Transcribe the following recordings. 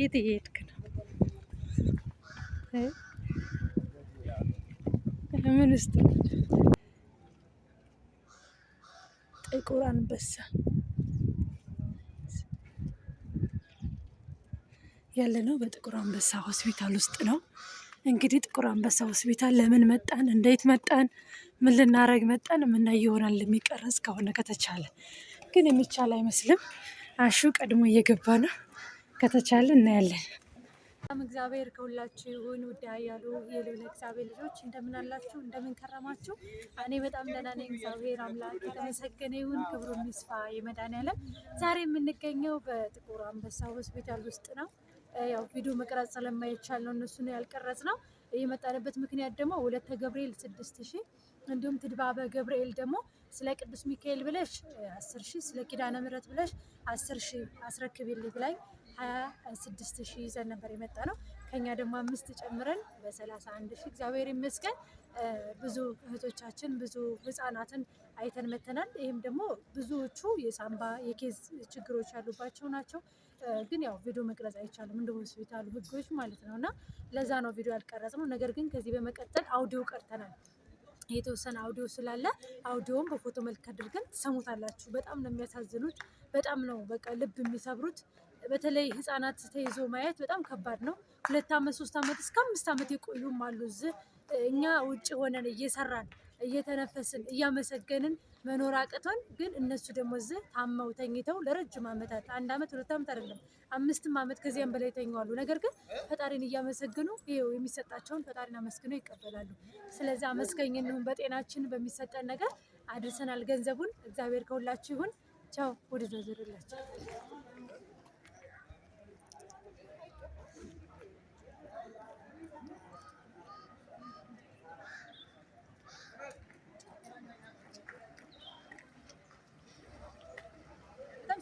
የት እየሄድክ ነው? ምን ውስጥ ጥቁር አንበሳ ያለ ነው። በጥቁር አንበሳ ሆስፒታል ውስጥ ነው። እንግዲህ ጥቁር አንበሳ ሆስፒታል ለምን መጣን፣ እንዴት መጣን፣ ምን ልናረግ መጣን የምናይ ይሆናል የሚቀረጽ ከሆነ ከተቻለ። ግን የሚቻል አይመስልም። አሹ ቀድሞ እየገባ ነው። ከተቻለ እናያለን። እግዚአብሔር ከሁላችሁ ይሁን። ውዳ ያሉ የልዑል እግዚአብሔር ልጆች እንደምን አላችሁ? እንደምን ከረማችሁ? እኔ በጣም ደህና ነኝ። እግዚአብሔር አምላክ የተመሰገነ ይሁን። ክብሩ ይስፋ መድኃኒዓለም። ዛሬ የምንገኘው በጥቁር አንበሳ ሆስፒታል ውስጥ ነው። ያው ቪዲዮ መቅረጽ ስለማይቻል ነው እነሱ ነው ያልቀረጽ ነው። የመጣንበት ምክንያት ደግሞ ሁለተ ገብርኤል ስድስት ሺ እንዲሁም ትድባበ ገብርኤል ደግሞ ስለ ቅዱስ ሚካኤል ብለሽ አስር ሺ ስለ ኪዳነ ምሕረት ብለሽ አስር ሺህ አስረክቢልኝ ብላኝ 26 ሺህ ይዘን ነበር የመጣ ነው። ከኛ ደግሞ አምስት ጨምረን በ31 ሺህ እግዚአብሔር ይመስገን ብዙ እህቶቻችን ብዙ ህጻናትን አይተን መተናል። ይህም ደግሞ ብዙዎቹ የሳምባ የኬዝ ችግሮች ያሉባቸው ናቸው። ግን ያው ቪዲዮ መቅረጽ አይቻልም እንደ ሆስፒታሉ ህጎች ማለት ነው እና ለዛ ነው ቪዲዮ ያልቀረጽነው። ነገር ግን ከዚህ በመቀጠል አውዲዮ ቀርተናል። የተወሰነ አውዲዮ ስላለ አውዲዮውን በፎቶ መልክ አድርገን ትሰሙታላችሁ። በጣም ነው የሚያሳዝኑት። በጣም ነው በቃ ልብ የሚሰብሩት በተለይ ህፃናት ተይዞ ማየት በጣም ከባድ ነው። ሁለት ዓመት ሶስት ዓመት እስከ አምስት ዓመት የቆዩም አሉ። እዚህ እኛ ውጭ ሆነን እየሰራን እየተነፈስን እያመሰገንን መኖር አቅቶን፣ ግን እነሱ ደግሞ እዚህ ታመው ተኝተው ለረጅም ዓመታት አንድ ዓመት ሁለት ዓመት አይደለም አምስትም ዓመት ከዚያም በላይ ተኝዋሉ። ነገር ግን ፈጣሪን እያመሰገኑ ይኸው የሚሰጣቸውን ፈጣሪን አመስግነው ይቀበላሉ። ስለዚህ አመስገኝ እንሁን። በጤናችን በሚሰጠን ነገር አድርሰናል። ገንዘቡን እግዚአብሔር ከሁላችሁ ይሁን። ቻው ወደ ዘዘርላቸው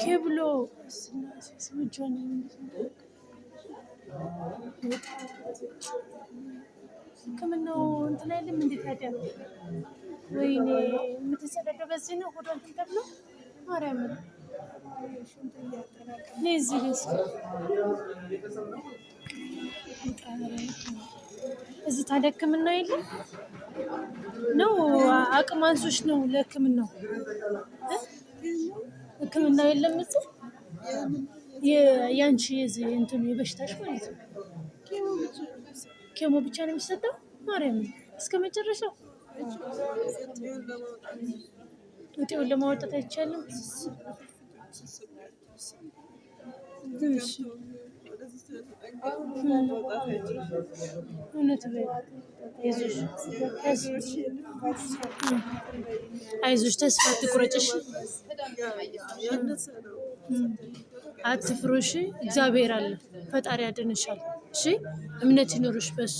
ኬብሎ ህክምናው እንትን አይልም። እንዴት ታዲያ ወይኔ የምትሰረደው በዚህ ነው። ሆዷ እንትን ተብሎ ማርያም እዚህ ታዲያ ሕክምና የለም ነው አቅም አንሶች ነው ለህክምናው። ህክምና የለም እዚህ የአንቺ የዚህ እንትኑ የበሽታሽ ማለት ነው። ኬሞ ብቻ ነው የሚሰጠው። ማርያም እስከ መጨረሻው ውጤውን ለማወጣት አይቻልም። እውነት አይዞሽ፣ ተስፋ አትቁረጭሽ፣ አትፍሮሽ። እግዚአብሔር አለ፣ ፈጣሪ ያድንሻል። እሺ፣ እምነት ይኖርሽ በሱ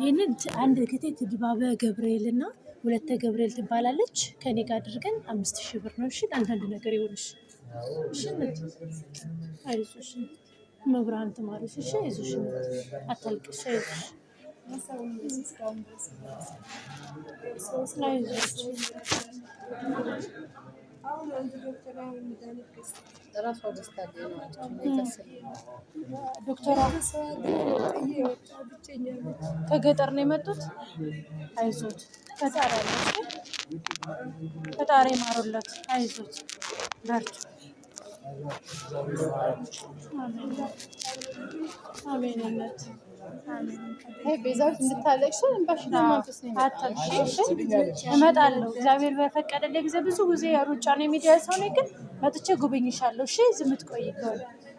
ይህንን አንድ ጊዜ ድባበ ገብርኤል እና ሁለተ ገብርኤል ትባላለች። ከኔ ጋር አድርገን አምስት ሺህ ብር ነው። እሺ አንዳንድ ነገር ይሆንሽ አይዞሽ፣ መብርሃን ተማሪዎች እሺ፣ አይዞሽ፣ አታልቅሽ፣ አይዞሽ፣ አይዞሽ ራሷ ዶክተር ከገጠር ነው የመጡት። አይዞት ፈጣሪ ያላችሁ ፈጣሪ ማሩለት። አይዞት በርቱ። አሜን አሜን። ቤዛዊት እንድታለቅሽ እንባሽና ማፍስ ነው። እመጣለሁ እግዚአብሔር በፈቀደልኝ ጊዜ ብዙ ጊዜ ሩጫ ነው የሚዲያ ሰው ላይ ግን መጥቼ ጎበኝሻለሁ። እሺ ዝም ትቆይ ከሆነ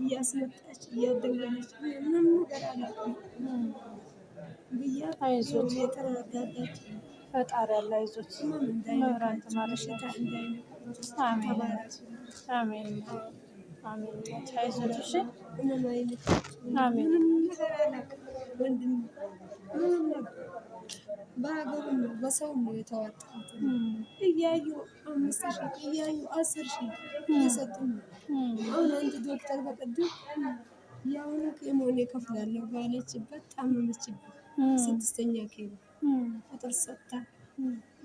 እያሰጠች እያደወለች ምንም ነገር አላውቅም ብያት የተረጋጋች ፈጣሪ ያለ አይዞች በሽታ እንዳይነካችሁ በሀገሩ ነው በሰው ነው የተዋጣት። እያዩ አምስት ሺህ እያዩ አስር ሺ እየሰጡ ነው። አሁን አንድ ዶክተር በቅድም የአሁኑ ኬሞን የከፍላለሁ ባለችበት ታመመችበት፣ ስድስተኛ ኬሞ ቁጥር ሰጥታ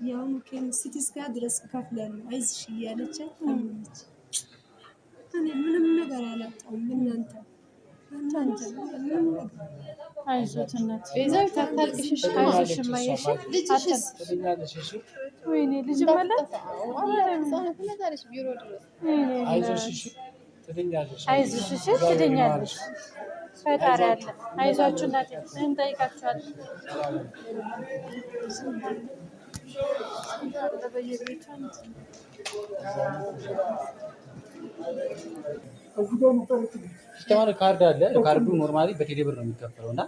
የአሁኑ ኬሞ ሲቲስካ ድረስ እከፍላለሁ አይዝሽ እያለች ታመመች። እኔ ምንም ነገር አላጣሁም። እናንተ ምንም ነገር زوج تتركش حاجة شمايش لجيش ويني لجملة والله ما دارش بيرو دروس عايزة شيشي ትድኛለሽ፣ አይዞሽ፣ እሺ፣ ትድኛለሽ። ፈጣሪ አለ። አይዟችሁ እናቴ፣ እኔም ጠይቃችኋለሁ። በየቤቱ ሲስተማር ካርድ አለ። ካርዱ ኖርማሊ በቴሌ ብር ነው የሚከፈለው እና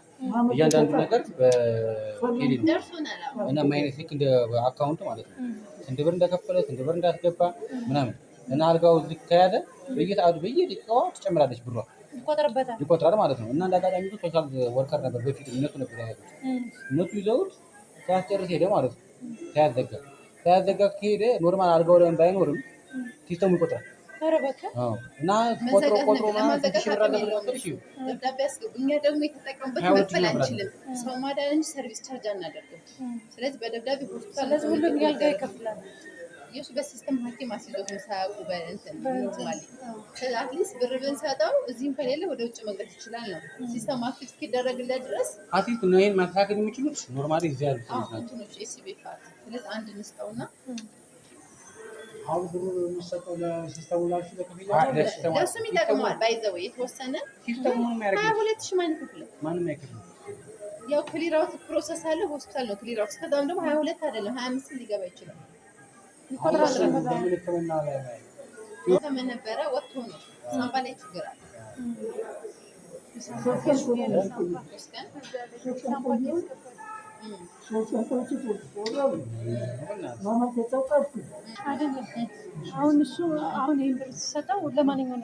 እያንዳንዱ ነገር በቴሌ ነው እና ማይነት ልክ እንደ አካውንት ማለት ነው። ስንት ብር እንደከፈለ ስንት ብር እንዳስገባ ምናምን እና አልጋው ልክ ከያዘ በየሰዓቱ በየደቂቃዋ ትጨምራለች ብሯ ይቆጥራል ማለት ነው። እና እንደ አጋጣሚ ሶሻል ወርከር ነበር በፊት እነሱ ነበር ያያዙት። እነሱ ይዘውት ሳያስጨርስ ሄደ ማለት ነው። ሳያዘጋ ሳያዘጋ ከሄደ ኖርማል አልጋው ላይ ባይኖርም ሲስተሙ ይቆጥራል እና ቆጥሮ ቆጥሮ እኛ ደግሞ የተጠቀሙበት መክፈል አንችልም። ሰው ማዳን ሰርቪስ በሲስተም ሐኪም አስይዞት ሳያውቁ አትሊስት ብር ብንሰጠው እዚህም ከሌለ ወደ ውጭ ይችላል ነው ሲስተም አክቲቭ እስኪደረግለት ድረስ አትሊስት ነው የሚችሉት ኖርማሊ እዚህ ያሉት ናቸው። ስለዚህ አንድ እንስጠውና አሁን ብሩ የሚሰጠው ለሲስተሙ ላችሁ ለክፍያ ይጠቅመዋል። ባይዘው የተወሰነ ሀያ ሁለት ሺህ ማን ይከፍለው? ማንም አይከፍለው። ያው ክሊራውት ፕሮሰስ አለ። ሆስፒታል ነው ክሊራውት። ከዛም ደግሞ ሀያ ሁለት አይደለም ሀያ አምስት ሊገባ ይችላል። ሕክምና ነበረ ወጥቶ ነው ሳምባ ላይ ችግር አለ። ሳምባ አሁን እሱ አሁን ይህን ብር ሲሰጠው ለማንኛውም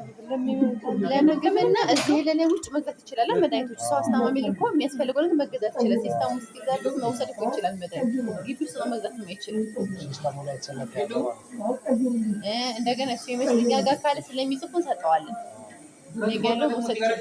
ለምግብና እዚህ የሌላ ውጭ መግዛት ይችላል። መድኃኒቶች ሰው አስታማሚ ልኮ የሚያስፈልገው ነገር መገዛት ይችላል። ሲስተሙ ውስጥ መውሰድ እኮ ይችላል። መድኃኒት ግቢ ውስጥ መግዛት የማይችል እንደገና እሱ የመስለኛ ጋር ካለ ስለሚጽፉ ሰጠዋለን ያለው መውሰድ ይችላል።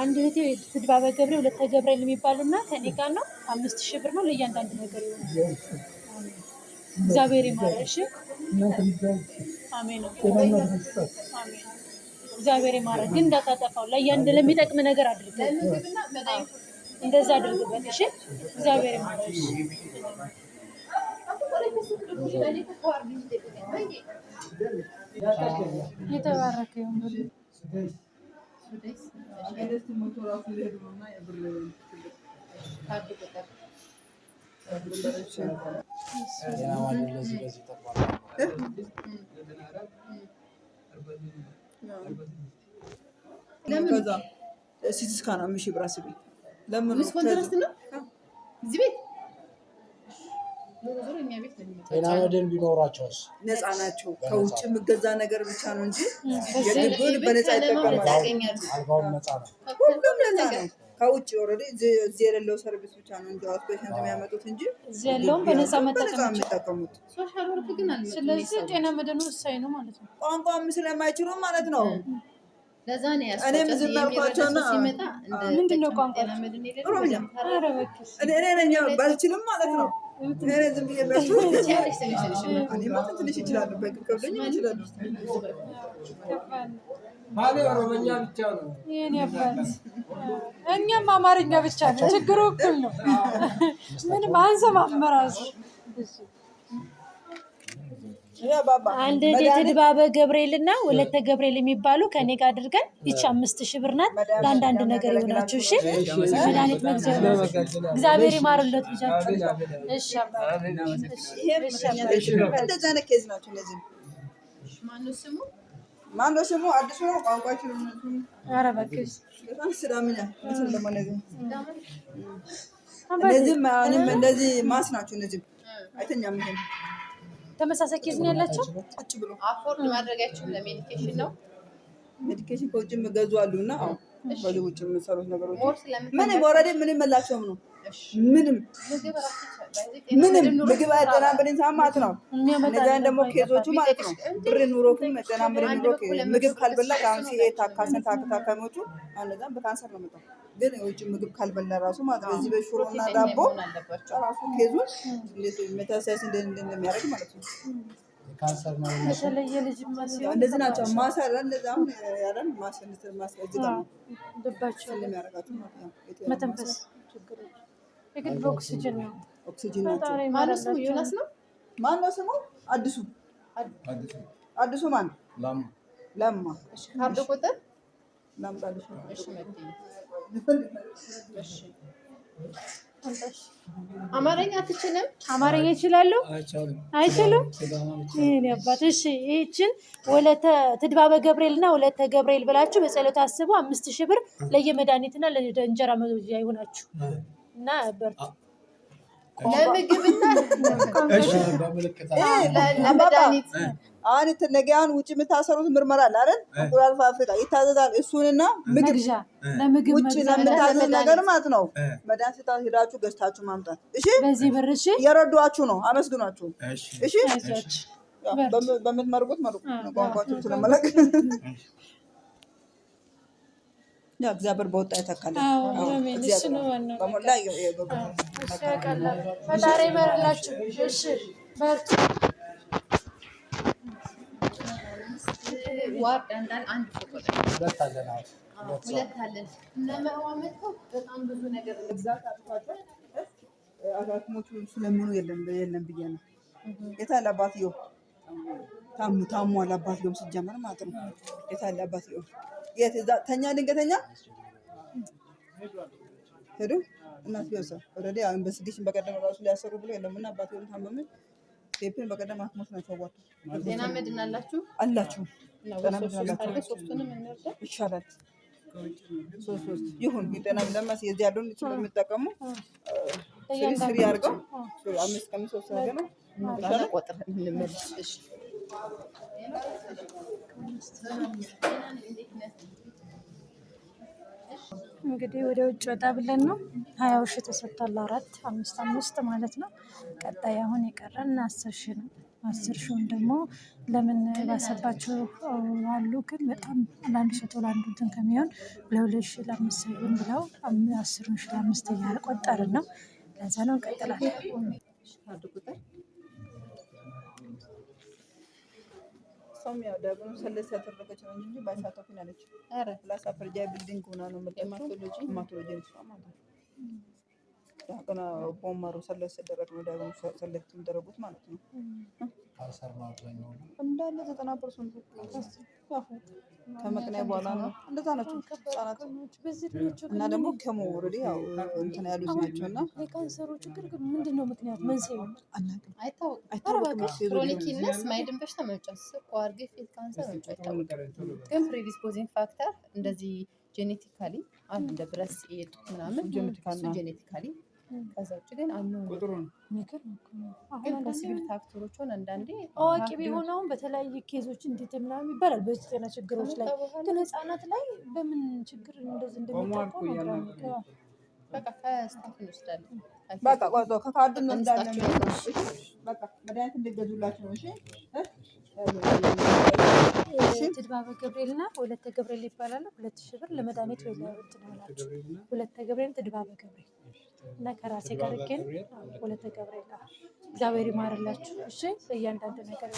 አንድ እህቴ ትድባበ ገብሬ ሁለት ገብርኤል የሚባሉ እና ከኔ ጋር ነው። አምስት ሺህ ብር ነው ለእያንዳንዱ ነገር ይሆናል። እግዚአብሔር ይማረሽ። አሜን። እግዚአብሔር ይማረሽ። ግን እንዳታጠፋው፣ ለእያንድ ለሚጠቅም ነገር አድርገ እንደዛ አድርግበት። እሺ። እግዚአብሔር ይማረሽ። የተባረከ ይሁን። ሲቲ ስካን አምሺ ብራስ ቤት ለምን ኮንትራስት ነው እዚህ ቤት ጤና መድን ቢኖራቸውስ ነፃ ናቸው። ከውጭ የምገዛ ነገር ብቻ ነው እንጂ የግብን በነፃ ይጠቀማል። ነፃ ነው፣ ሁሉም ነፃ ነው። ከውጭ ወረደ እዚህ የሌለው ሰርቪስ ብቻ ነው እንጂ ፔሽንት የሚያመጡት እንጂ እዚህ ያለውን በነፃ የሚጠቀሙት። ግን አለ። ስለዚህ ጤና መድኑ ወሳኝ ነው ማለት ነው። ቋንቋም ስለማይችሉ ማለት ነው። ለዛ ነው እኔም ዝም አልኳቸውና ምንድን ነው ቋንቋ እኔ ነኝ ባልችልም ማለት ነው ዝም ብዬ ትንሽ ይችላሉ። ኦሮምኛ ብቻ ነው። እኛም አማርኛ ብቻ ነው። ችግሩ እኩል ነው። ምንም አንሰማም በራሱ አንድ ልጅ ድባበ ገብርኤል እና ወለተ ገብርኤል የሚባሉ ከኔ ጋር አድርገን ይቺ አምስት ሺህ ብር ናት። ለአንዳንድ ነገር የሆናችሁ እሺ፣ መድኃኒት መግዛት እግዚአብሔር ይማርለት ልጃችሁ። ማነው ስሙ? አዲሱ ነው ቋንቋችሁ። ኧረ እነዚህም እንደዚህ ማስ ናቸው። እነዚህም አይተኛም ይሄን ተመሳሳይ ኬዝ ነው ያላቸው። ቁጭ ብሎ አፎርድ ማድረጋችሁ ለሜዲኬሽን ነው። ሜዲኬሽን ከውጭ የምገዙ አሉ እና በዚህ ውጭ የምንሰሩት ነገሮች ምንም ወረደ ምንም መላቸውም ነው ምንም ምንም ምግብ አያጠናምርን ሳማት ነው። እነዚያን ደግሞ ኬዞቹ ማለት ነው ብር ኑሮክም መጨናምር ኑሮ ምግብ ካልበላ ከአሁን ሲሄድ ታካሰን ታክታካሚዎቹ አነዛም በካንሰር ነው መጣው ግን የውጭ ምግብ ካልበላ ራሱ ማለት ነው። በሽሮ በሽሮና ዳቦ ራሱ ኬዙን ሜታሳይስ እንደሚያደርግ ማለት ነው። እንደዚህ ናቸው ማሰር ማለት ነው። ስሙ? አዲሱ አዲሱ ማን? ለማ ለማ ቁጥር አማርኛ አትችልም? አማርኛ ይችላሉ? አይችሉም? ይሄን አባት እሺ፣ ይህችን ወለተ ትድባበ እና ወለተ ገብርኤል ብላችሁ በጸሎት አስቡ። አምስት ሺህ ብር ለየመድኃኒትና ለእንጀራ መግዣ ይሆናችሁ እና በርቱ። ለምግብና ለመድኃኒት አሁን ነገ አሁን ውጭ የምታሰሩት ምርመራ አለ አይደል? እንቁላል ፋብሪካ ይታዘዛል። እሱንና ምግብ ውጭ ለምታዘዝ ነገር ማለት ነው። መድኃኒት ስታ ሄዳችሁ ገዝታችሁ ማምጣት። እሺ፣ በዚህ ብር እሺ፣ የረዷችሁ ነው። አመስግኗችሁ። እሺ፣ በምትመርቁት መርቁ። ቋንቋችሁ ስለመለቅ እግዚአብሔር በወጣ ይተካል። በሞላ ይመርላችሁ። በርቱ አራክሞቹ ስለምኑ የለም የለም ብዬ ነው። የታለ አባትየው? ታሙ ታሙ አለ አባትየው ሲጀመር ማለት ነው። የታለ አባትየው? የት እዛ ተኛ፣ ድንገተኛ ሄዱ። እናትየው እዛ ኦልሬዲ ኢንቨስቲጌሽን በቀደም ራሱ ሊያሰሩ ብሎ የለምና አባትየው ታመመ። ቴፕን በቀደም አክሞት ናቸው። ጓት ዜና መድን አላችሁ አላችሁ ይሻላል። ይሁን ጤና ለማስ የዚህ ያለውን ስለሚጠቀሙ ስሪ አምስት ቀን ሶስት እንግዲህ ወደ ውጭ ወጣ ብለን ነው። ሀያው ተሰጥቷል። አራት አምስት አምስት ማለት ነው። ቀጣይ አሁን የቀረን አስር ነው። አስር ሺውን ደግሞ ለምን ባሰባቸው አሉ። ግን በጣም ለአንድ ሰቶ ለአንዱ እንትን ከሚሆን ለሁለት ሺ ለአምስት ሰውን ብለው አስሩን ሺ ለአምስት እያለ ቆጠርን ነው። ለዛ ነው እንቀጥላለን። ሆና ነው ዳግና ቦመሩ ሰለስ ሲደረግ ነው ዳግም ሰለክት የሚደረጉት ማለት ነው። እንዳለ ዘጠና ፐርሰንት ከመቅኒያ በኋላ ነው። እንደዛ ናቸው ህጻናት እና ደግሞ ከመውረድ ያው እንትን ያሉት ናቸው። እና የካንሰሩ ችግር ግን ምንድን ነው ምክንያት መንስኤ አይታወቅም። ማይድን በሽታ መምጫት፣ ስኳር፣ ግፊት፣ ካንሰር መምጫ አይታወቅም። ግን ፕሪዲስፖዚንግ ፋክተር እንደዚህ ጄኔቲካሊ አንድ እንደ ብረስ የጡት ምናምን ጄኔቲካሊ ከዛ ውጭ ግን አሉ ግን ፋክተሮች ሆነ አንዳንዴ አዋቂ ቢሆነውም በተለያዩ ኬዞች እንዴት ምናምን ይባላል። በጤና ችግሮች ላይ ግን ህጻናት ላይ በምን ችግር እንደዚህ እንደሚጠቁ ነው። በቃ በቃ መድኃኒት እንዲገዙላቸው ነው። እሺ ትድባበ ገብርኤል እና ሁለተ ገብርኤል ይባላሉ። ሁለት ሺህ ብር ለመድኃኒት ወይ ለእንትን ሆናችሁ ሁለተ ገብርኤል ትድባበ ገብርኤል እና ከራሴ ጋር ግን ሁለተ ገብርኤል እግዚአብሔር ይማርላችሁ። እሺ እያንዳንዱ ነገር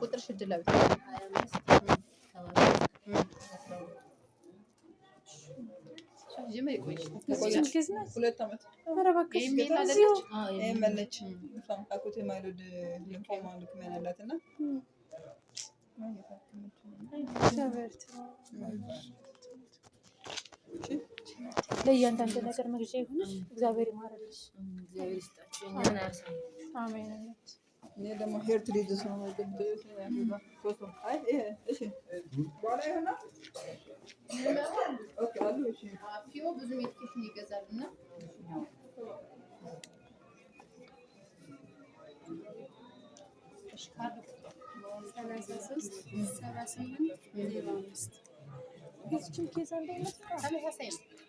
ቁጥር ሽድላ ለእያንዳንድ ነገር መግዣ ይሆንሽ። እግዚአብሔር ይማረልሽ። እኔ ደግሞ ሄር ትሪዝስ ነው ማፊያው ብዙም የትኬትን ይገዛልና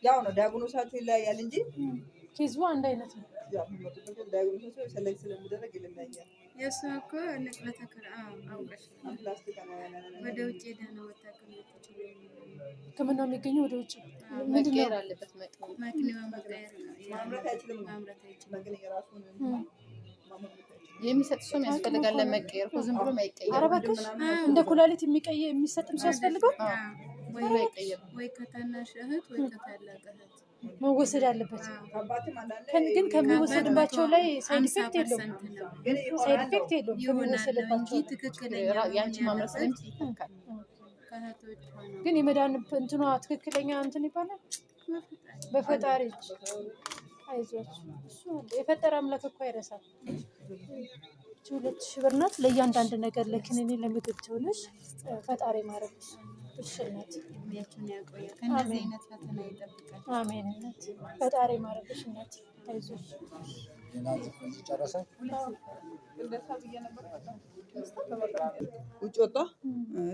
ያው ነው ዳያግኖሳቸው ይለያያል እንጂ ኬዙ አንድ አይነት ነው። ዳያግኖሳቸው ሰላይ ስለሚደረግ ይለያያል። የእሷ እኮ ወደ ውጭ ሄዳ ነው ሕክምና የሚገኘው ወደ ውጭ መቀየር አለበት። የሚሰጥ ሰው ያስፈልጋል። ለመቀየር ዝም ብሎ እባክሽ እንደ ኩላሊት የሚሰጥም ሰው ያስፈልገው ወይ ከታናሽ እህት ወይ ከታላቅ እህት መወሰድ አለበት። ግን ከሚወሰድባቸው ላይ ሳይድ ኢፌክት የለውም፣ ሳይድ ኢፌክት የለውም። ከሚወሰድባቸው ያንቺ ማምረት ግን የመዳን እንትኗ ትክክለኛ እንትን ይባላል። በፈጣሪ አይዞች፣ የፈጠረ አምላክ እኮ አይረሳል። ሁለት ሺህ ብር ናት ለእያንዳንድ ነገር ለክንኔ ለምግብ ትሆነች ፈጣሪ ማረግ ይሸነት ያችን ያቆየ ከእንደዚህ አይነት ፈተና ይጠብቃል። አሜን። ፈጣሪ ማረግሽ አይዞሽ። ውጭ ወጣ።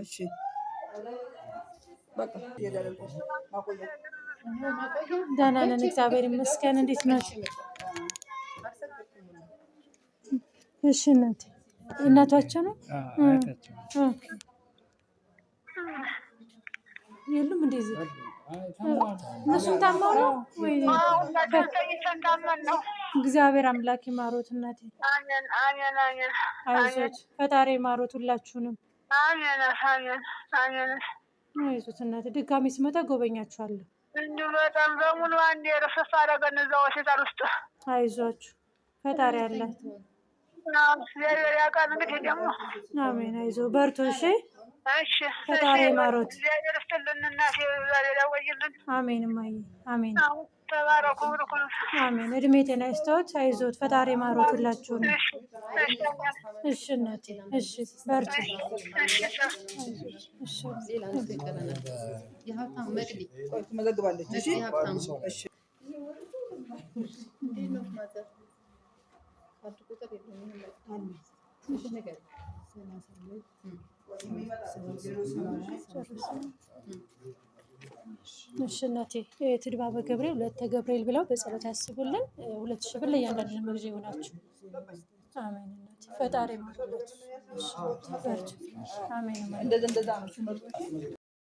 እሺ ደህና ነን፣ እግዚአብሔር ይመስገን። እንዴት ናቸው? እሺ እናቴ፣ እናቷቸው ነው የሉም እንደዚህ እነሱም ታመው ነው ወይ? እግዚአብሔር አምላክ ይማሮት እናቴ። አይዞት ፈጣሪ ይማሮት ሁላችሁንም። አይዞት እናቴ። ድጋሚ ስመጣ ጎበኛችኋለሁ። እንዲሁ በጣም በሙሉ አንድ ረፍረፍ አደረገን እዛ ሆስፒታል ውስጥ። አይዟችሁ ፈጣሪ አላት። እግዚአብሔር ያውቃል። እንግዲህ ደግሞ አሜን። አይዞ በርቶ እሺ ፈጣሪ ማሮት እግዚአብሔር ይስጥልን። እናቴ እግዚአብሔር ያቆይልን። አሜን ማየ አሜን። ተባረኩ። አሜን። እድሜ ጤና ይስጠዎት። አይዞት። ፈጣሪ ማሮት ሁላችሁ ነው። እሺ እናቴ፣ እሺ በርቱ። እሺ እሺ እናቴ ትድባበ ገብርኤል ሁለተ ገብርኤል ብለው በጸሎት ያስቡልን። ሁለት ሺህ ብር ለእያንዳንድ መግዣ ይሆናችሁ። አሜን እናቴ ፈጣሪ ማለት ነው። እንደዛ እንደዛ ነው።